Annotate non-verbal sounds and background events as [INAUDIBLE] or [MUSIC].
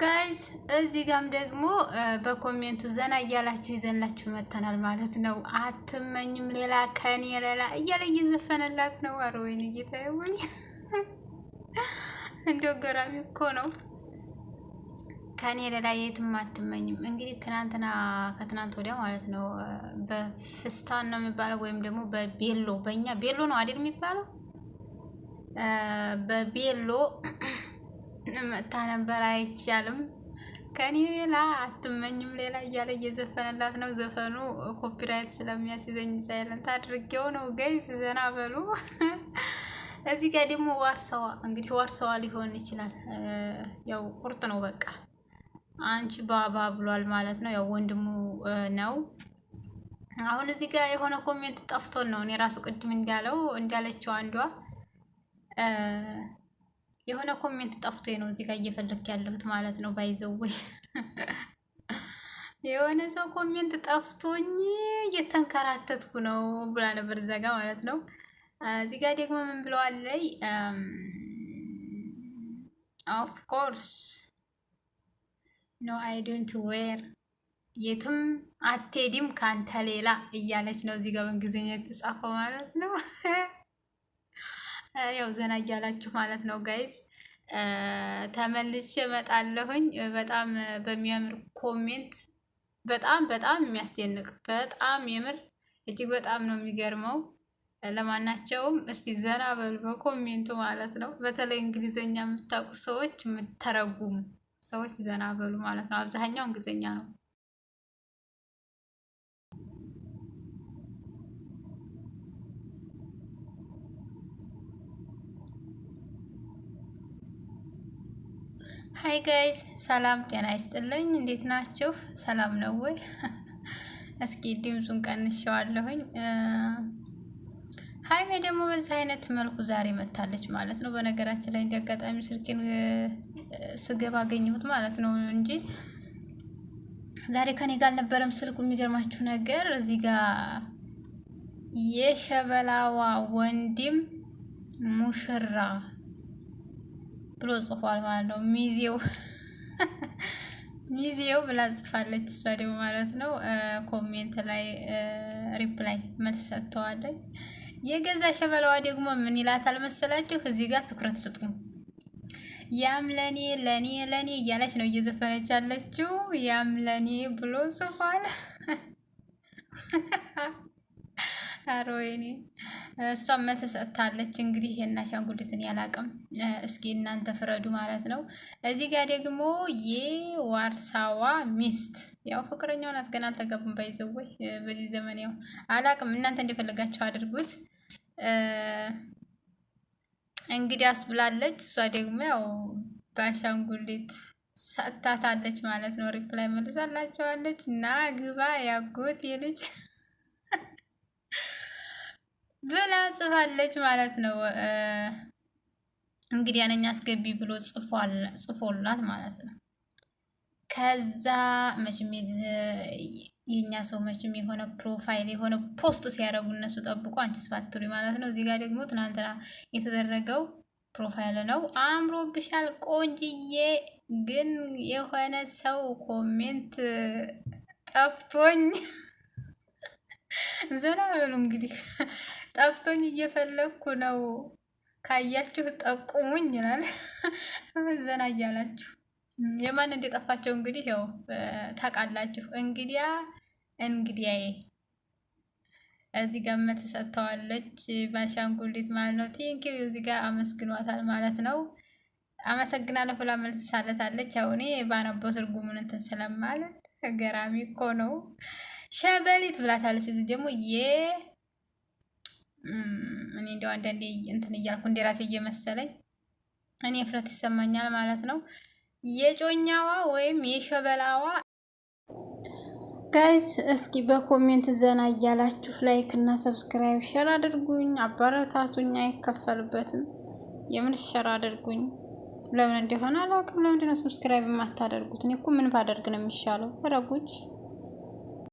ጋይዝ እዚህ ጋም ደግሞ በኮሜንቱ ዘና እያላችሁ ይዘንላችሁ መተናል ማለት ነው። አትመኝም ሌላ ከኔ ሌላ እያለ እየዘፈነላት ነው። አረ ወይኔ ጌታ ወይ [LAUGHS] እንደው ገራሚ እኮ ነው። ከኔ ሌላ የትም አትመኝም። እንግዲህ ትናንትና ከትናንት ወዲያ ማለት ነው በፍስታን ነው የሚባለው ወይም ደግሞ በቤሎ በእኛ ቤሎ ነው አይደል የሚባለው በቤሎ [CLEARS THROAT] መታ ነበር። አይቻልም ከኔ ሌላ አትመኝም ሌላ እያለ እየዘፈነላት ነው። ዘፈኑ ኮፒራይት ስለሚያስይዘኝ ሳይለንት አድርጌው ነው። ገይዝ ዘና በሉ። [LAUGHS] እዚህ ጋር ደግሞ ዋርሰዋ እንግዲህ ዋርሰዋ ሊሆን ይችላል። ያው ቁርጥ ነው በቃ አንቺ ባባ ብሏል ማለት ነው። ያው ወንድሙ ነው። አሁን እዚህ ጋር የሆነ ኮሜንት ጠፍቶን ነው እኔ ራሱ ቅድም እንዳለው እንዳለችው አንዷ የሆነ ኮሜንት ጠፍቶ ነው እዚህ ጋር እየፈለክ ያለሁት ማለት ነው። ባይዘወይ [LAUGHS] የሆነ ሰው ኮሜንት ጠፍቶኝ እየተንከራተትኩ ነው ብላ ነበር እዛ ጋ ማለት ነው። እዚህ ጋር ደግሞ ምን ብለዋለይ? ኦፍኮርስ ኖ አይ ዶንት ዌር የትም አትሄድም ካንተ ሌላ እያለች ነው እዚህ ጋር በእንግሊዝኛ የተጻፈው ማለት ነው። [LAUGHS] ያው ዘና እያላችሁ ማለት ነው ጋይዝ። ተመልሼ እመጣለሁኝ። በጣም በሚያምር ኮሜንት፣ በጣም በጣም የሚያስደንቅ በጣም የምር እጅግ በጣም ነው የሚገርመው። ለማናቸውም እስቲ ዘና በሉ በኮሜንቱ ማለት ነው። በተለይ እንግሊዘኛ የምታውቁ ሰዎች የምተረጉሙ ሰዎች ዘና በሉ ማለት ነው። አብዛኛው እንግሊዘኛ ነው። ሀይ ጋይዝ ሰላም ጤና ይስጥልኝ። እንዴት ናችሁ? ሰላም ነው ወይ? [LAUGHS] እስኪ ድምፁን ቀንሸዋለሁኝ። ሀይሜ ደግሞ በዚህ አይነት መልኩ ዛሬ መታለች ማለት ነው። በነገራችን ላይ እንዲያጋጣሚ ስልኬን ስገባ አገኘሁት ማለት ነው እንጂ ዛሬ ከኔ ጋር አልነበረም ስልኩ። የሚገርማችሁ ነገር እዚህ ጋር የሸበላዋ ወንድም ሙሽራ ብሎ ጽፏል ማለት ነው። ሚዜው ሚዜው ብላ ጽፋለች እሷ ደግሞ ማለት ነው። ኮሜንት ላይ ሪፕላይ መልስ ሰጥተዋለች። የገዛ ሸበላዋ ደግሞ ምን ይላታል መሰላችሁ? እዚህ ጋር ትኩረት ስጡ። ያም ለኔ ለኔ ለኔ እያለች ነው እየዘፈነች ያለችው። ያም ለኔ ብሎ ጽፏል። [LAUGHS] አሮ ወይኔ እሷም መልስ ሰጥታለች። እንግዲህ ይሄን ያላቅም እስኪ እናንተ ፍረዱ ማለት ነው። እዚህ ጋር ደግሞ የዋርሳዋ ሚስት ያው ፍቅረኛው ናት፣ ገና አልተገቡም። ባይዘው ወይ በዚህ ዘመን ያው አላቅም፣ እናንተ እንደፈለጋችሁ አድርጉት። እንግዲህ አስብላለች። እሷ ደግሞ ያው በአሻንጉሊት ሰጥታታለች ማለት ነው። ሪፕላይ መልሳላቸዋለች እና ግባ ያጎት የልጅ ብላ ጽፋለች ማለት ነው። እንግዲህ ያነኛ አስገቢ ብሎ ጽፎላት ማለት ነው። ከዛ መቼም የእኛ ሰው መቼም የሆነ ፕሮፋይል የሆነ ፖስት ሲያደርጉ እነሱ ጠብቁ አንቺ ስፋትሪ ማለት ነው። እዚህ ጋር ደግሞ ትናንትና የተደረገው ፕሮፋይል ነው። አምሮብሻል ቆንጅዬ፣ ግን የሆነ ሰው ኮሜንት ጠፍቶኝ ዘና [LAUGHS] በሉ እንግዲህ ጠፍቶኝ እየፈለግኩ ነው ካያችሁ ጠቁሙኝ ይላል። [LAUGHS] ዘና እያላችሁ የማን እንደጠፋቸው እንግዲህ ያው ታውቃላችሁ። እንግዲያ እንግዲያዬ እዚህ ጋር መልስ ሰጥተዋለች ባሻንጉሊት ማለት ነው። ቲንኪ እዚህ ጋር አመስግኗታል ማለት ነው። አመሰግናለሁ ብላ መልስ ሳለታለች። ያው ባነበው ትርጉሙን እንትን ስለማለት ገራሚ እኮ ነው። ሸበሊት ብላታለች። እዚህ ደግሞ የ እኔ እንደው አንዳንዴ እንትን እያልኩ እንደ ራሴ እየመሰለኝ እኔ እፍረት ይሰማኛል ማለት ነው። የጮኛዋ ወይም የሸበላዋ ጋይስ እስኪ በኮሜንት ዘና እያላችሁ ላይክ እና ሰብስክራይብ ሸር አድርጉኝ፣ አበረታቱኝ። አይከፈልበትም። የምን ሸር አድርጉኝ። ለምን እንደሆነ አላውቅም። ለምንድነው ሰብስክራይብ የማታደርጉት? እኔ እኮ ምን ባደርግ ነው የሚሻለው? ረጉች